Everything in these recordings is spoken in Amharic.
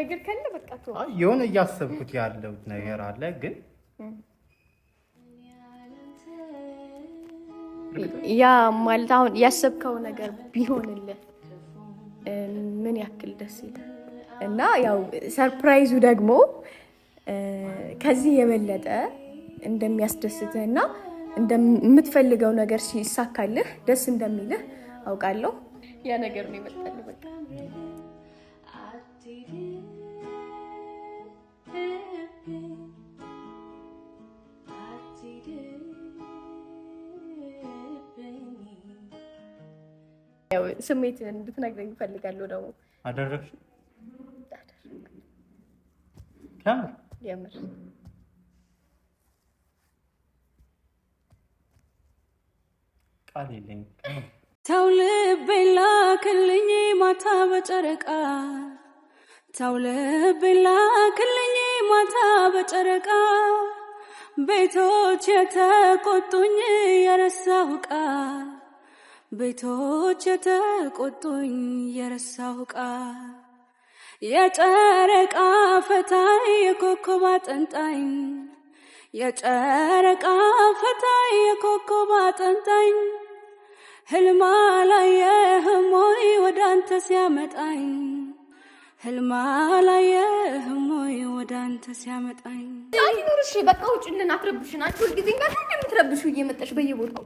ነገር ካለ በቃ የሆነ እያሰብኩት ያለው ነገር አለ ግን ያ ማለት አሁን ያሰብከው ነገር ቢሆንልህ ምን ያክል ደስ ይላል። እና ያው ሰርፕራይዙ ደግሞ ከዚህ የበለጠ እንደሚያስደስትህ እና እንደምትፈልገው ነገር ሲሳካልህ ደስ እንደሚልህ አውቃለሁ። ያ ነገር ነው ይመጣል በቃ ስሜትን እንድትነግረኝ እፈልጋለሁ። ደግሞ አደረግሽ? ቃል ተው ላክልኝ ማታ በጨረቃ ተው ላክልኝ ማታ በጨረቃ ቤቶች የተቆጡኝ የረሳው ቃል ቤቶች የተቆጡኝ የረሳው ቃል የጨረቃ ፈታይ የኮኮባ ጠንጣኝ የጨረቃ ፈታይ የኮከብ ጠንጣኝ ህልማ ላይ የህሞይ ወደ አንተ ሲያመጣኝ ህልማ ላየህም ወይ ወደ አንተ ሲያመጣኝ አይኖርሽ። በቃ ውጭልን፣ አትረብሽን። አንቺ ሁልጊዜ ጋር የምትረብሹ እየመጣሽ በየቦታው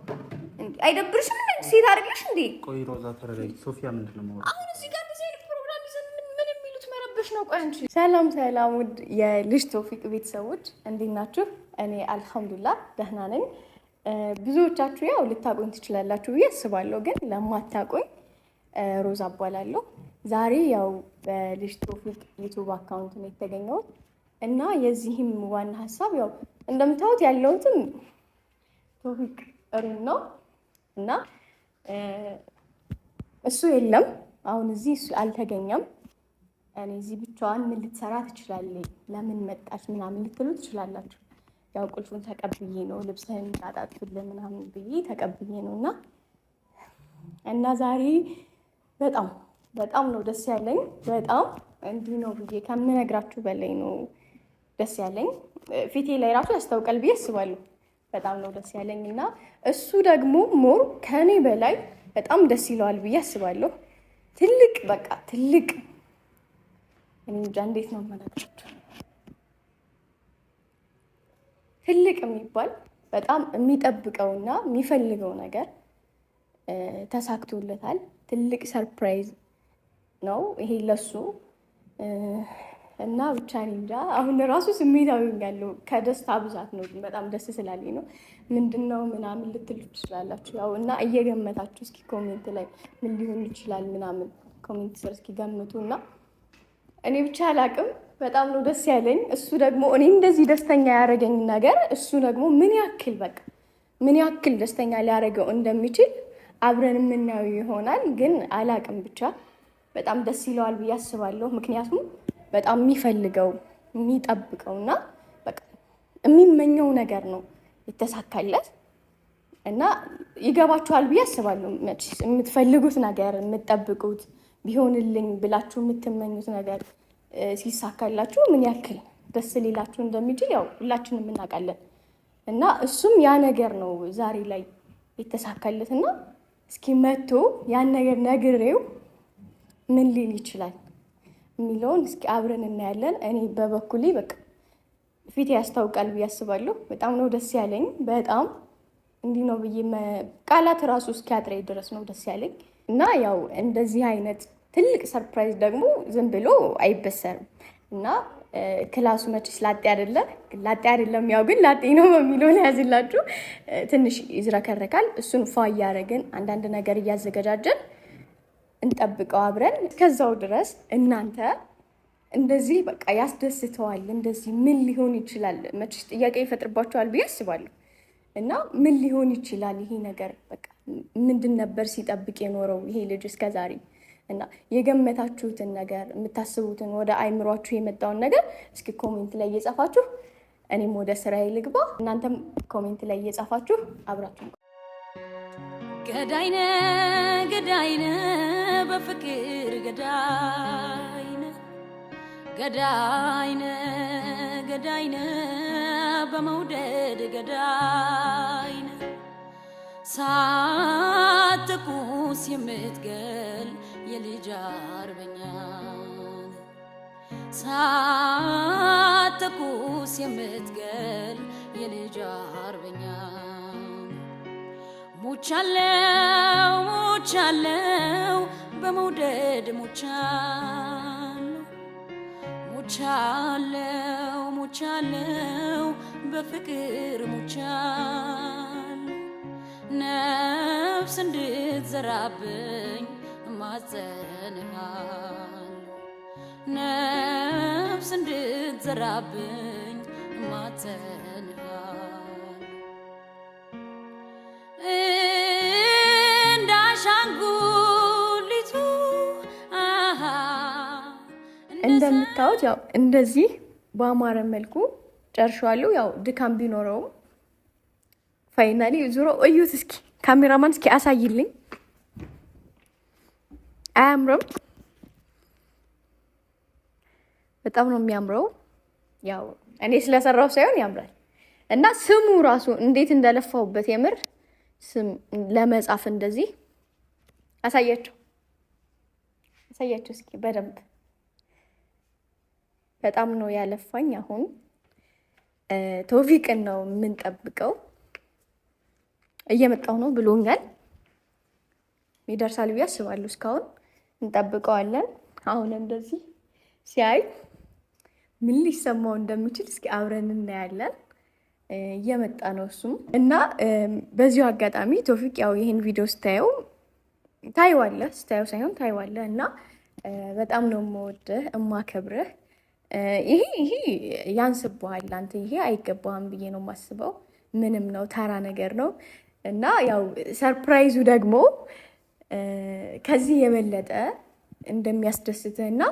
አይደብርሽም? ሴት አይደለሽ እንዴ? ቆይ ሮዛ ተረጋጊ። ሶፊያ ምንድን ነው አሁን እዚህ ጋር ጊዜ ፕሮግራም ይዘን ምን የሚሉት መረበሽ ነው? ቆይ አንቺ። ሰላም ሰላም፣ ውድ የልጅ ቶፊቅ ቤተሰቦች እንዴት ናችሁ? እኔ አልሐምዱሊላህ ደህና ነኝ። ብዙዎቻችሁ ያው ልታቆኝ ትችላላችሁ ብዬ አስባለሁ፣ ግን ለማታቆኝ ሮዛ እባላለሁ። ዛሬ ያው በልጅ ቶፊቅ ዩቱብ አካውንት ነው የተገኘሁት እና የዚህም ዋና ሀሳብ ያው እንደምታዩት ያለሁትም ቶፊቅ ሩም ነው እና እሱ የለም አሁን እዚህ እሱ አልተገኘም። እኔ እዚህ ብቻዋን ምን ልትሰራ ትችላለች፣ ለምን መጣች ምናምን ልትሉ ትችላላችሁ። ያው ቁልፉን ተቀብዬ ነው ልብስህን ጣጣጥፍልን ምናምን ብዬ ተቀብዬ ነው እና እና ዛሬ በጣም በጣም ነው ደስ ያለኝ። በጣም እንዲህ ነው ብዬ ከምነግራችሁ በላይ ነው ደስ ያለኝ። ፊቴ ላይ ራሱ ያስታውቃል ብዬ አስባለሁ። በጣም ነው ደስ ያለኝ እና እሱ ደግሞ ሞር ከኔ በላይ በጣም ደስ ይለዋል ብዬ አስባለሁ። ትልቅ በቃ ትልቅ እንጃ እንዴት ነው የማላችሁት ትልቅ የሚባል በጣም የሚጠብቀውና የሚፈልገው ነገር ተሳክቶለታል። ትልቅ ሰርፕራይዝ ነው ይሄ ለሱ እና ብቻ እንጃ አሁን ራሱ ስሜታዊ ያለው ከደስታ ብዛት ነው። በጣም ደስ ስላለኝ ነው። ምንድን ነው ምናምን ልትሉ ትችላላችሁ። ያው እና እየገመታችሁ እስኪ ኮሜንት ላይ ምን ሊሆን ይችላል ምናምን ኮሜንት ስር እስኪ ገምቱ እና እኔ ብቻ አላቅም። በጣም ነው ደስ ያለኝ። እሱ ደግሞ እኔ እንደዚህ ደስተኛ ያደረገኝ ነገር እሱ ደግሞ ምን ያክል በቃ ምን ያክል ደስተኛ ሊያደረገው እንደሚችል አብረን የምናየው ይሆናል። ግን አላቅም ብቻ በጣም ደስ ይለዋል ብዬ አስባለሁ። ምክንያቱም በጣም የሚፈልገው የሚጠብቀው እና የሚመኘው ነገር ነው ይተሳካለት እና ይገባችኋል ብዬ አስባለሁ። የምትፈልጉት ነገር የምትጠብቁት ቢሆንልኝ ብላችሁ የምትመኙት ነገር ሲሳካላችሁ ምን ያክል ደስ ሌላችሁ እንደሚችል ያው ሁላችንም እናውቃለን። እና እሱም ያ ነገር ነው ዛሬ ላይ የተሳካለት እና እስኪ መጥቶ ያን ነገር ነግሬው ምን ሊል ይችላል የሚለውን እስኪ አብረን እናያለን። እኔ በበኩሌ በቃ ፊት ያስታውቃል ብዬ አስባለሁ። በጣም ነው ደስ ያለኝ። በጣም እንዲህ ነው ብዬ ቃላት ራሱ እስኪ አጥሬ ድረስ ነው ደስ ያለኝ እና ያው እንደዚህ አይነት ትልቅ ሰርፕራይዝ ደግሞ ዝም ብሎ አይበሰርም እና ክላሱ መቼስ ላጤ አይደለ ላጤ አይደለም፣ ያው ግን ላጤ ነው በሚለው ያዝላችሁ። ትንሽ ይዝረከረካል። እሱን ፏ እያደረግን አንዳንድ ነገር እያዘገጃጀን እንጠብቀው አብረን። እስከዛው ድረስ እናንተ እንደዚህ በቃ ያስደስተዋል፣ እንደዚህ ምን ሊሆን ይችላል መች ጥያቄ ይፈጥርባቸዋል ብዬ አስባለሁ። እና ምን ሊሆን ይችላል ይሄ ነገር በቃ ምንድን ነበር ሲጠብቅ የኖረው ይሄ ልጅ እስከዛሬ እና የገመታችሁትን ነገር የምታስቡትን ወደ አይምሯችሁ የመጣውን ነገር እስኪ ኮሜንት ላይ እየጻፋችሁ እኔም ወደ ስራዬ ልግባ። እናንተም ኮሜንት ላይ እየጻፋችሁ አብራችሁ ገዳይነ ገዳይነ በፍቅር ገዳይነ ገዳይነ ገዳይነ በመውደድ ገዳይነ ሳትቁስ የምትገል የልጅ አርበኛ ሳትቁስ የምትገል የልጅ አርበኛ ሞቻለው ሞቻለው በመውደድ ሞቻለሁ ሞቻለሁ ሞቻለሁ በፍቅር ሞቻለሁ ነፍስ እንድትዘራብኝ እማጸንሃለሁ ነፍስ እንድትዘራብኝ እማጸንሃለሁ እንዳሻንጉ እንደምታዩት ያው እንደዚህ በአማረ መልኩ ጨርሻለሁ። ያው ድካም ቢኖረውም ፋይናሊ ዙሮ እዩት እስኪ ካሜራማን እስኪ አሳይልኝ። አያምርም? በጣም ነው የሚያምረው። ያው እኔ ስለሰራው ሳይሆን ያምራል። እና ስሙ ራሱ እንዴት እንደለፋውበት የምር ስም ለመጻፍ እንደዚህ አሳያቸው አሳያቸው እስኪ በደንብ በጣም ነው ያለፋኝ። አሁን ቶፊቅን ነው የምንጠብቀው። እየመጣው ነው ብሎኛል። ይደርሳል ብዬ አስባለሁ። እስካሁን እንጠብቀዋለን። አሁን እንደዚህ ሲያይ ምን ሊሰማው እንደሚችል እስኪ አብረን እናያለን። እየመጣ ነው እሱም እና በዚሁ አጋጣሚ ቶፊቅ ያው ይህን ቪዲዮ ስታየው ታይዋለህ፣ ስታየው ሳይሆን ታይዋለህ እና በጣም ነው የምወድህ እማከብርህ ይሄ ይሄ ያንስብሃል አንተ ይሄ አይገባህም ብዬ ነው የማስበው። ምንም ነው ተራ ነገር ነው እና ያው ሰርፕራይዙ ደግሞ ከዚህ የበለጠ እንደሚያስደስትህ እና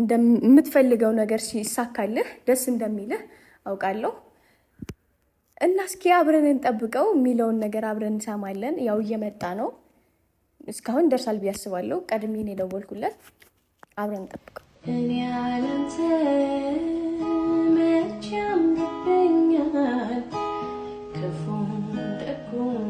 እንደምትፈልገው ነገር ሲሳካልህ ደስ እንደሚልህ አውቃለሁ። እና እስኪ አብረን እንጠብቀው የሚለውን ነገር አብረን እንሰማለን። ያው እየመጣ ነው፣ እስካሁን ደርሳል ብዬ አስባለሁ። ቀድሜ ነው የደወልኩለት። አብረን እንጠብቀው። እኔ ያላንተ መቼም ልበኛል ክፉም ደጉም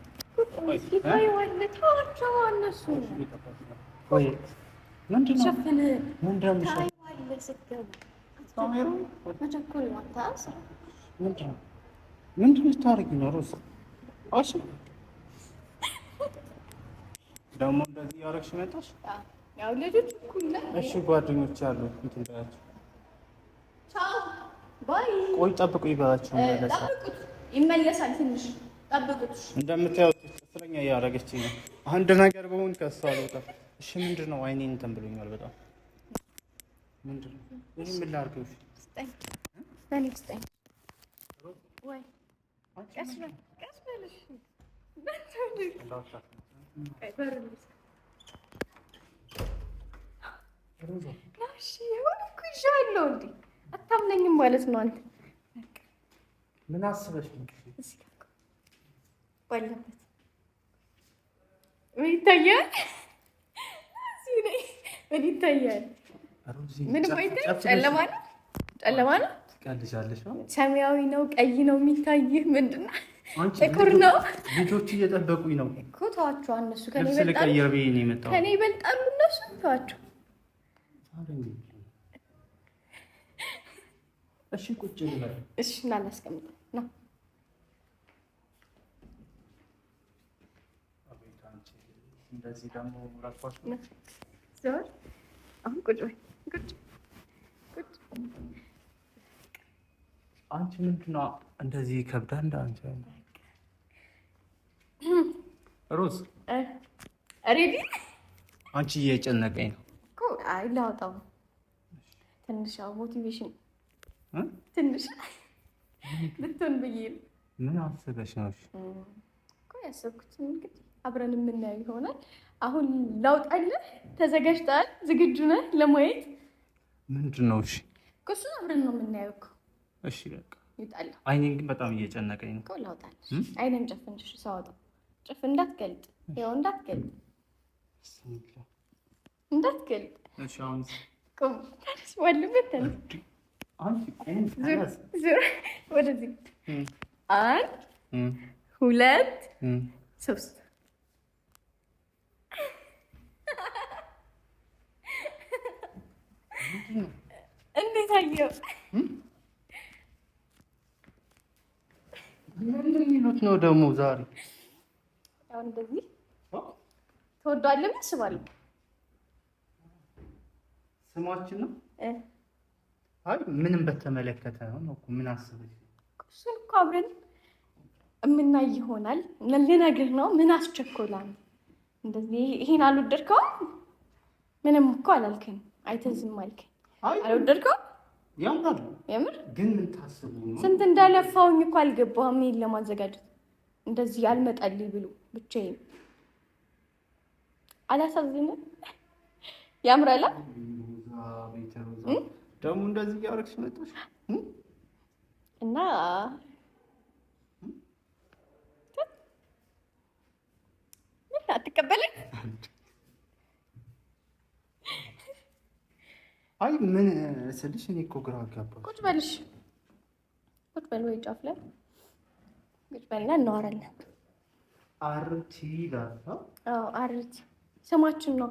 ምንድን ታሪክ ነው? ሮዛ አሽ ደግሞ እንደዚህ ያረግሽ መጣሽ። ያው ልጆች እኩል እሺ፣ ጓደኞች አሉ እንትን በያቸው። ቻው ባይ። ቆይ ጠብቁ፣ ይበላችሁ። ይመለሳል። ትንሽ ጠብቁት እንደምታዩት ስለኛ እያደረገችኝ ነው። አንድ ነገር በሆን ከሷ ልውጣ። እሺ ምንድን ነው? አይኔ እንትን ብሎኛል በጣም አታምነኝም ማለት ነው አንተ ምን አስበሽ ባለበት ይታያል ይታያል። ምንም አይታይም። ጨለማ ነው፣ ጨለማ ነው፣ ሰማያዊ ነው፣ ቀይ ነው የሚታይህ። ምንድን ነው? ጥቁር ነው። ልጆቹ እየጠበቁኝ ነው እኮ ተዋቸው። እነሱ ከኔ ይበልጣሉ። እነሱ ተዋቸው። እሺ ቁጭ እሺ፣ እንደዚህ ደግሞ አሁን ቁጭ በይ ቁጭ ቁጭ። አንቺ ምንድን ነው እንደዚህ ከብዳ እንደ አንቺ ሮዝ ሬዲ አንቺ እየጨነቀኝ ነው እኮ። አይ ላውጣው ትንሽ ሞቲቬሽን ትንሽ ልትሆን ብዬ ምን አስበሽ ነው እኮ ያሰብኩት እንግዲህ አብረን የምናየው ይሆናል። አሁን ላውጣልህ። ተዘጋጅተሃል? ዝግጁ ነህ ለማየት? ምንድን ነው? እሺ፣ እሱን አብረን ነው የምናየው እኮ። እሺ፣ በቃ አይኔን ግን በጣም እየጨነቀኝ ነው እኮ። ላውጣልህ። አይነን ጨፍን። እሺ፣ ሳወጣው ጨፍ እንዳትገልጥ፣ ይኸው እንዳትገልጥ፣ እንዳትገልጥ። እሺ፣ አሁን ቁም። ተነስ፣ ዋልበት፣ ተነስ። ወደዚህ አንድ ሁለት ሶስት እንዴት አየው? የሚሉት ነው ደግሞ ዛሬ? ያው እንደዚህ ተወዷልም አስባለሁ። ስማችን ነው። አይ ምንም በተመለከተ ነው ምን አስበሽ? እሱን እኮ አብረን የምናይ ይሆናል። ልነግርህ ነው። ምን አስቸኮላል? እንደዚህ ይሄን አልወደድከውም? ምንም እኮ አላልከኝ። አይተዝም አልከኝ አልወደድከው? ያምራል። የምር ግን ምን ታስቡ ስንት እንዳለፋውኝ እኮ አልገባ ይሄን ለማዘጋጀት እንደዚህ አልመጣልኝ ብሎ ብቻዬን አላሳዝንም። ያምራላ ደግሞ እንደዚህ እያደረግሽ መጣሽ እና ምን አትቀበለኝ አይ ምን ስልሽ፣ እኔ እኮ ግራ አጋባ። ቁጭ በልሽ፣ ቁጭ በል ወይ ጫፍ ላይ ቁጭ በልና እናወራለን። አርቲ ላታ። አዎ አርቲ ስማችን ነው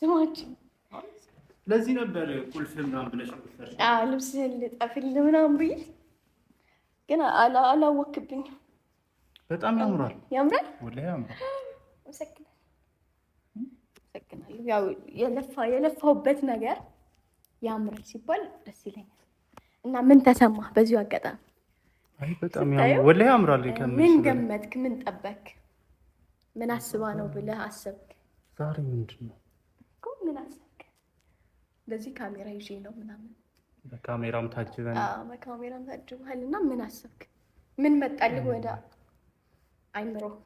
ስማችን። ለዚህ ነበር ቁልፍ ምናምን ብለሽ ልብስህን ልጠፍልህ ምናምን ብዬ ግን አላወክብኝም። በጣም ያምራል፣ ያምራል፣ ወላሂ ያምራል። መሰግናለሁ አመሰግናለሁ። ያው የለፋ የለፋሁበት ነገር ያምራል ሲባል ደስ ይለኛል። እና ምን ተሰማ በዚሁ አጋጣሚ? አይ በጣም ወላሂ ያምራል። ምን ገመትክ? ምን ጠበክ? ምን አስባ ነው ብለህ አሰብክ? ዛሬ ምንድን ነው እኮ ምን አሰብክ? እንደዚህ ካሜራ ይዤ ነው ምናምን በካሜራም ታጅበን በካሜራም ታጅበሃል። እና ምን አሰብክ? ምን መጣልህ ወደ አይምሮህ?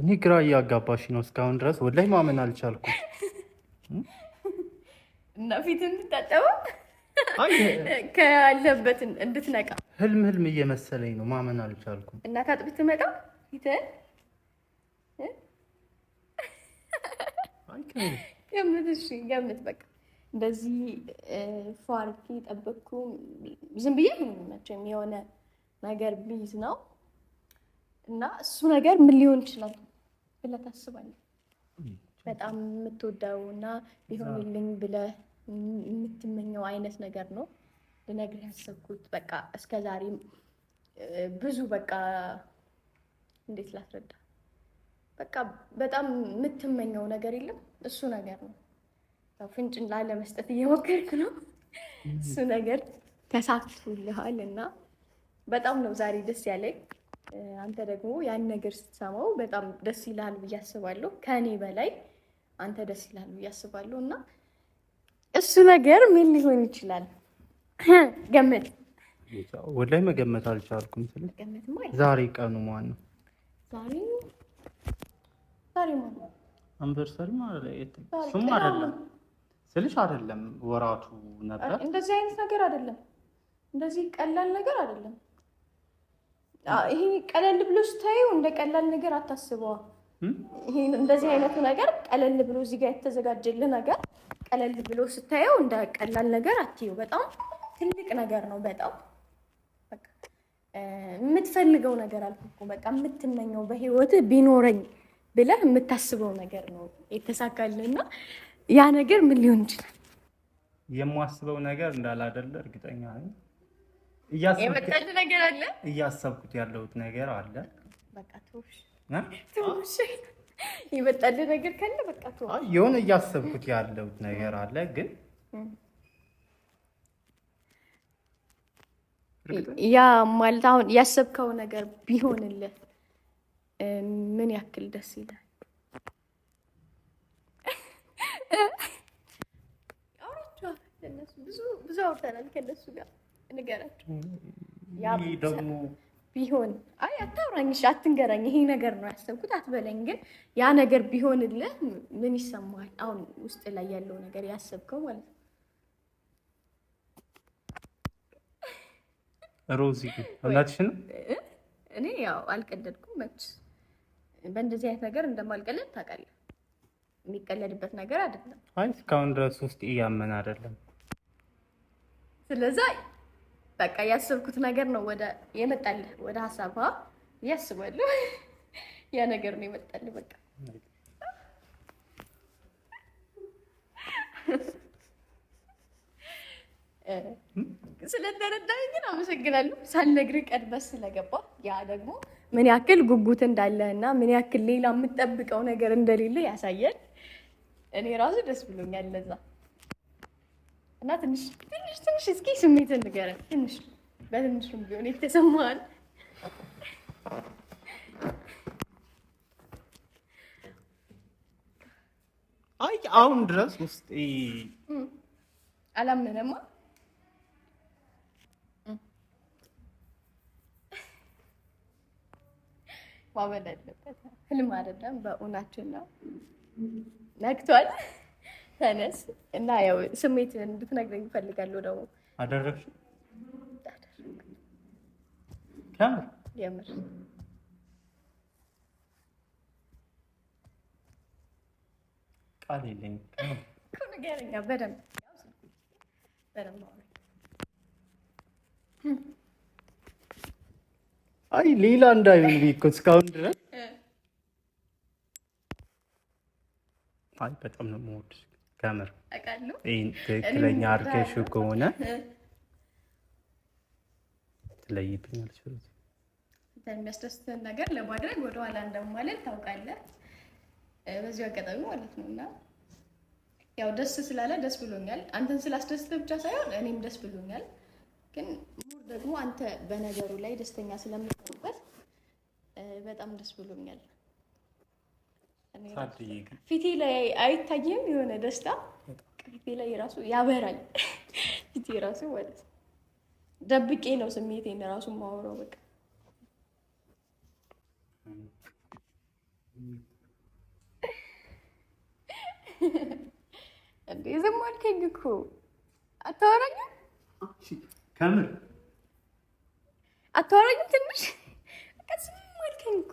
እኔ ግራ እያጋባሽ ነው። እስካሁን ድረስ ላይ ማመን አልቻልኩም። እና ፊት እንድታጠበው ከያለበት እንድትነቃ ህልም ህልም እየመሰለኝ ነው። ማመን አልቻልኩም። እና ካጥብት ትመጣ ፊትህን ገምት። እሺ ገምት። በቃ እንደዚህ ፏርኪ ጠበቅኩ። ዝም ብዬ ምንመቸው የሆነ ነገር ብይዝ ነው እና እሱ ነገር ምን ሊሆን ይችላል ብለህ ታስባለህ? በጣም የምትወደው እና ቢሆንልኝ ብለህ የምትመኘው አይነት ነገር ነው ልነግርህ ያሰብኩት። በቃ እስከ ዛሬ ብዙ በቃ እንዴት ላስረዳ፣ በቃ በጣም የምትመኘው ነገር የለም እሱ ነገር ነው። ፍንጭን ላለመስጠት እየሞከርክ ነው። እሱ ነገር ተሳክቶልሃል እና በጣም ነው ዛሬ ደስ ያለኝ። አንተ ደግሞ ያን ነገር ስትሰማው በጣም ደስ ይላል ብዬ አስባለሁ። ከእኔ በላይ አንተ ደስ ይላል ብዬ አስባለሁ። እና እሱ ነገር ምን ሊሆን ይችላል? ገመት ወላይ መገመት አልቻልኩም። ስለ ዛሬ ቀኑ ማን ነው? አንቨርሰሪ ማለት እሱም አይደለም ስልሽ አይደለም፣ ወራቱ ነበር። እንደዚህ አይነት ነገር አይደለም፣ እንደዚህ ቀላል ነገር አይደለም። ይሄ ቀለል ብሎ ስታዩ እንደ ቀላል ነገር አታስበዋ። ይሄን እንደዚህ አይነቱ ነገር ቀለል ብሎ እዚህ ጋር የተዘጋጀል ነገር ቀለል ብሎ ስታየው እንደ ቀላል ነገር አትዩ። በጣም ትልቅ ነገር ነው። በጣም የምትፈልገው ነገር አልኩ እኮ በቃ የምትመኘው በህይወት ቢኖረኝ ብለህ የምታስበው ነገር ነው የተሳካልና፣ ያ ነገር ምን ሊሆን ይችላል? የማስበው ነገር እንዳላደለ እርግጠኛ ነኝ። እያሰብኩት ያለሁት ነገር አለ። ነገር ካለ በቃ የሆነ እያሰብኩት ያለሁት ነገር አለ ግን ያ ማለት አሁን ያሰብከው ነገር ቢሆንልህ ምን ያክል ደስ ይላል? ብዙ አውርተናል ከነሱ ጋር ንገራቸው ቢሆን አይ አታውራኝ፣ አትንገራኝ፣ ይሄ ነገር ነው ያሰብኩት አትበለኝ። ግን ያ ነገር ቢሆንልህ ምን ይሰማሃል? አሁን ውስጥ ላይ ያለው ነገር ያሰብከው ማለት ነው። ሮዚ እናትሽን እኔ ያው አልቀለድኩም። መች በእንደዚህ አይነት ነገር እንደማልቀለድ ታውቃለህ። የሚቀለድበት ነገር አይደለም። አይ እስካሁን ድረስ ውስጥ እያመን አይደለም ስለዛ በቃ ያሰብኩት ነገር ነው ወደ የመጣል ወደ ሀሳብ ያስባለሁ ያ ነገር ነው የመጣል በቃ ስለተረዳኝ ግን አመሰግናለሁ። ሳልነግርህ ቀድመህ ስለገባ ያ ደግሞ ምን ያክል ጉጉት እንዳለህ እና ምን ያክል ሌላ የምጠብቀው ነገር እንደሌለ ያሳያል። እኔ ራሱ ደስ ብሎኛል ለዛ እና ትንሽ ትንሽ ትንሽ እስኪ ስሜት ንገረን። ትንሽ በትንሹም ቢሆን የተሰማል አይ አሁን ድረስ ውስጥ አላመነማ። ማመን አለበት። ህልም አይደለም፣ በእውናችን ነው። ነግቷል። ተነስ እና ያው ስሜት እንድትነግረኝ እፈልጋለሁ። ደግሞ አደረግሽ ቃል የለኝም እኮ ንገረኛ በደንብ በደንብ አይ ሌላ እንዳይሆን ብዬሽ እኮ እስካሁን ድረስ አይ በጣም ነው የምወድሽ ከምር ይህን ትክክለኛ አድርገሽ ከሆነ ትለይብኛል። የሚያስደስትን ነገር ለማድረግ ወደኋላ እንደማለን ታውቃለህ። በዚሁ አጋጣሚ ማለት ነው እና ያው ደስ ስላለ ደስ ብሎኛል። አንተን ስላስደስተ ብቻ ሳይሆን እኔም ደስ ብሎኛል። ግን ሙር ደግሞ አንተ በነገሩ ላይ ደስተኛ ስለምትሆንበት በጣም ደስ ብሎኛል። ፊቴ ላይ አይታየም። የሆነ ደስታ ፊቴ ላይ ራሱ ያበራል። ፊቴ ራሱ ማለት ደብቄ ነው ስሜቴን ራሱ ማውረው በቃ እንዴ ዝም አልከኝ እኮ አታወራኝም? ከምር አታወራኝም? ትንሽ ዝም አልከኝ እኮ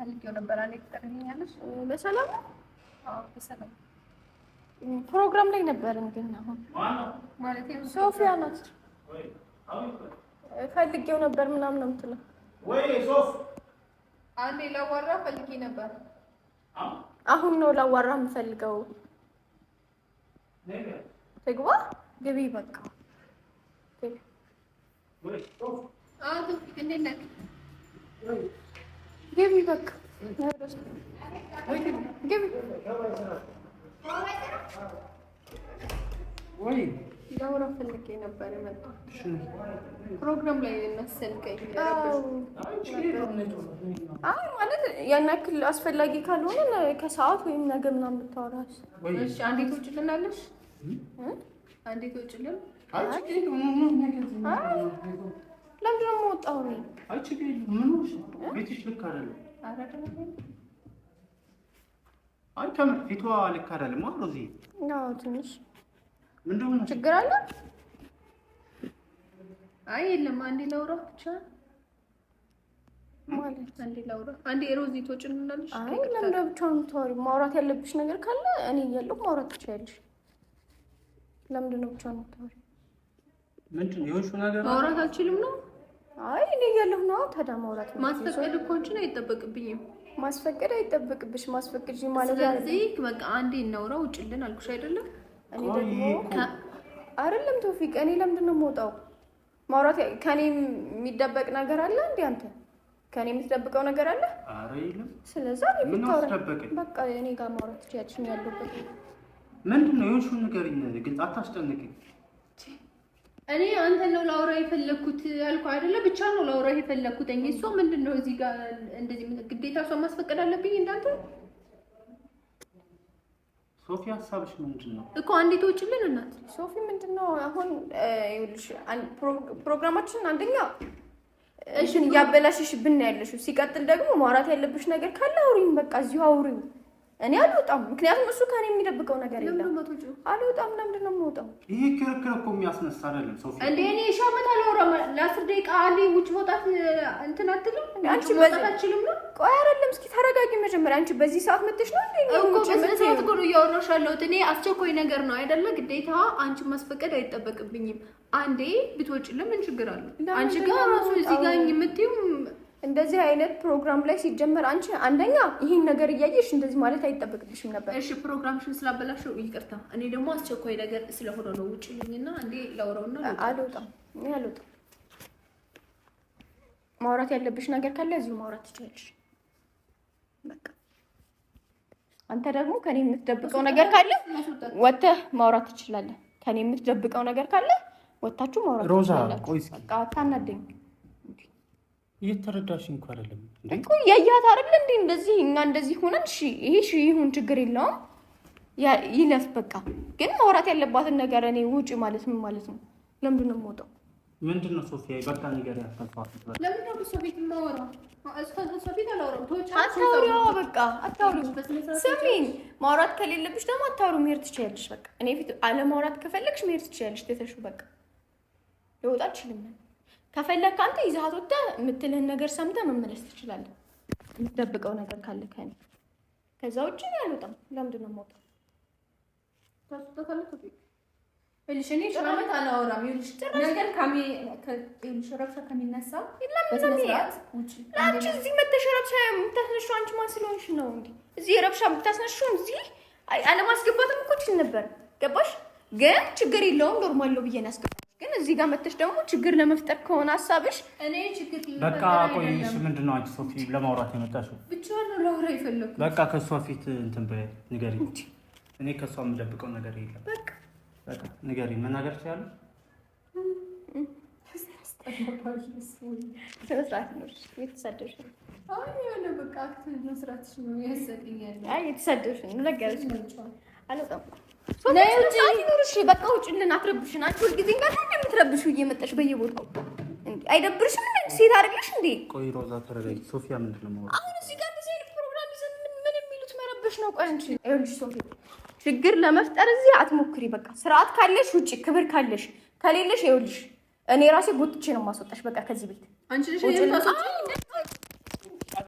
ፈልጌው ነበር። አንዴ ትጠርልኛለሽ? በሰላም በሰላም ፕሮግራም ላይ ነበርን፣ ግን አሁን ማለት ሶፊያ ናት። ፈልጌው ነበር ምናምን ነው የምትለው። ወይ ሶፍ፣ አንዴ ላዋራ ፈልጌ ነበር። አሁን ነው ላዋራ የምፈልገው። ትግባ፣ ግቢ፣ በቃ ግቢ። ገቢ በቃ ላውራ ፈልጌ ነበር የመጣሁት። ፕሮግራም ላይ እናሰልቀኝ ማለት ያን ያክል አስፈላጊ ካልሆነ ከሰዓት ወይም ነገ ምናምን ብታወራሽ። አንዴ ትወጪልናለሽ፣ አንዴ ትወጪልን ለምንድን ነው የምወጣው? እኔ አይ ችግር የለም። ምን ነው? ቤትሽ ልክ አይደለም። አይ ከምር ፊቷ ልክ አይደለም። ሮዚ ትንሽ ምን ሆነሽ? ችግር አለ? አይ የለም። አንዴ ላውራ ብቻ ማለት አንዴ ሮዚ አይ ለምን ማውራት ያለብሽ ነገር ካለ እኔ እያለሁ ማውራት ትችያለሽ። ለምንድን ነው ብቻውን የምታወሪው? ምንድን ነው የሆንሽው ነገር ማውራት አልችልም ነው አይ እኔ እያለሁ ነው ታዲያ ማውራት ማስፈቀድ እኮ እንጂ አይጠበቅብኝም። ማስፈቀድ አይጠበቅብሽ ማስፈቀድ ማለት ስለዚህ በቃ አንዴ እናውራ ውጭልን አልኩሽ አይደለም። እኔ ደግሞ አይደለም ቶፊቅ፣ እኔ ለምንድን ነው የምወጣው? ማውራት ከኔ የሚደበቅ ነገር አለ እንዴ? አንተ ከኔ የምትደብቀው ነገር አለ? አረ የለም። ስለዛ ምን አስደበቀኝ? በቃ እኔ ጋር ማውራት ትችያለሽ። ያለሁበት ምንድን ነው የሆንሽውን ንገሪኝ፣ ግን አታስጨንቅኝ እኔ አንተ ነው ላውራ የፈለግኩት ያልኩህ አይደለ? ብቻ ነው ላውራ የፈለግኩት። እሷ ምንድን ነው እዚህ ጋር እንደዚህ ግዴታ እሷ ማስፈቀድ አለብኝ እንዳንተ ሶፊ ሀሳብሽ ምንድን ነው እኮ? አንዴት ወጪልን እናት ሶፊ ምንድን ነው አሁን? ይኸውልሽ ፕሮግራማችን አንደኛ እሺ እያበላሽሽ ብን ያለሽ። ሲቀጥል ደግሞ ማውራት ያለብሽ ነገር ካለ አውሪኝ፣ በቃ እዚሁ አውሪኝ። እኔ አልወጣም፣ ምክንያቱም እሱ ከኔ የሚደብቀው ነገር የለም። አልወጣም። ለምንድን ነው የምወጣው? ይሄ ክርክር እኮ የሚያስነሳ አይደለም። ሰው እንደ እኔ ሺህ ዓመት አልወራም። ለአስር ደቂቃ አሊ ውጭ መውጣት እንትን አትልም። አንቺ መውጣት አትችልም ነው? ቆይ አይደለም፣ እስኪ ተረጋጊ መጀመሪያ። አንቺ በዚህ ሰዓት መጥተሽ ነው እንዴ? እኮ በዚህ ሰዓት ጎሉ እያወራሽ ያለሁት እኔ። አስቸኳይ ነገር ነው አይደለ? ግዴታ አንቺ ማስፈቀድ አይጠበቅብኝም። አንዴ ብትወጪልን ምን ችግር አለው? አንቺ ጋር ራሱ እዚህ ጋር የምትይው እንደዚህ አይነት ፕሮግራም ላይ ሲጀመር አንቺ አንደኛ ይህን ነገር እያየሽ እንደዚህ ማለት አይጠበቅብሽም ነበር። እሺ ፕሮግራምሽን ስላበላሽው ይቅርታ። እኔ ደግሞ አስቸኳይ ነገር ስለሆነ ነው። ውጭ ልኝና እንዴ ላውራውና አልወጣም። እኔ አልወጣም። ማውራት ያለብሽ ነገር ካለ እዚሁ ማውራት ትችላለሽ። በቃ አንተ ደግሞ ከኔ የምትደብቀው ነገር ካለ ወጥተህ ማውራት ትችላለህ። ከኔ የምትደብቀው ነገር ካለ ወጥታችሁ ማውራት ትችላለህ። በቃ አታናደኝ። እየተረዳሽ እንኳን አይደለም እኮ ያያት አይደል እንዴ? እንደዚህ እኛ እንደዚህ ሆነን እሺ፣ ይሄ እሺ ይሁን ችግር የለውም ይለፍ በቃ። ግን ማውራት ያለባትን ነገር እኔ ውጪ ማለት ምን ማለት ነው? ለምንድን ነው የምወጣው? ምንድን ነው ሶፊያ፣ በቃ ነገር ያስተፋፍ ለምን ነው ሰው ቤት ማወራ? አታውሪዋ በቃ አታውሪ። ስሚኝ፣ ማውራት ከሌለብሽ ደግሞ አታውሪ፣ መሄድ ትችያለሽ። በቃ እኔ ፊት አለማውራት ከፈለግሽ መሄድ ትችያለሽ። ተተሹ በቃ ልወጣ አልችልም። ከፈለክ አንተ ይዛት ወጥተ የምትልህን ነገር ሰምተ መመለስ ትችላለህ። የምትደብቀው ነገር ካለ ከእኔ ከዛ ውጭ አልወጣም። ለምንድን ነው የማወጣው? እዚህ መተሽ ረብሻ አንቺ ማን ስለሆንሽ ነው? እዚህ እዚህ አለማስገባትም እኮ ችል ነበር። ገባሽ? ግን ችግር የለውም ኖርማል ነው ብዬሽ ነው ግን እዚህ ጋር መተሽ ደግሞ ችግር ለመፍጠር ከሆነ ሀሳብሽ እኔ ችግር በቃ ቆይሽ። ምንድን ነው አንቺ ሶፊ ለማውራት የመጣሽው? ብቻ ነው ላውራ የፈለኩት። በቃ ከእሷ ፊት እንትን በይ ንገሪ። እኔ ከእሷ የምደብቀው ነገር የለም። በቃ በቃ ንገሪኝ። መናገር ትችያለሽ። የተሰደብሽ ነው። ነው ነገረች በቃ ውጭልን፣ አትረብሽን። አንቺ ሁልጊዜ ጋር እንደምትረብሹ እየመጣሽ በየቦታው አይደብርሽም? ሴት አይደለሽ እንዴ? ቆይ ሮዛ ተረጋጊ። ሶፊያ ምንድን ነው የማወራው? አሁን እዚህ ጋር እንደዚህ አይነት ፕሮግራም ይዘን ምን የሚሉት መረበሽ ነው? ቆይ አንቺ ይኸውልሽ፣ ሶፊ ችግር ለመፍጠር እዚህ አትሞክሪ። በቃ ስርዓት ካለሽ ውጭ፣ ክብር ካለሽ ከሌለሽ፣ ይኸውልሽ እኔ ራሴ ጎትቼ ነው የማስወጣሽ። በቃ ከዚህ ቤት አንቺ ልጅ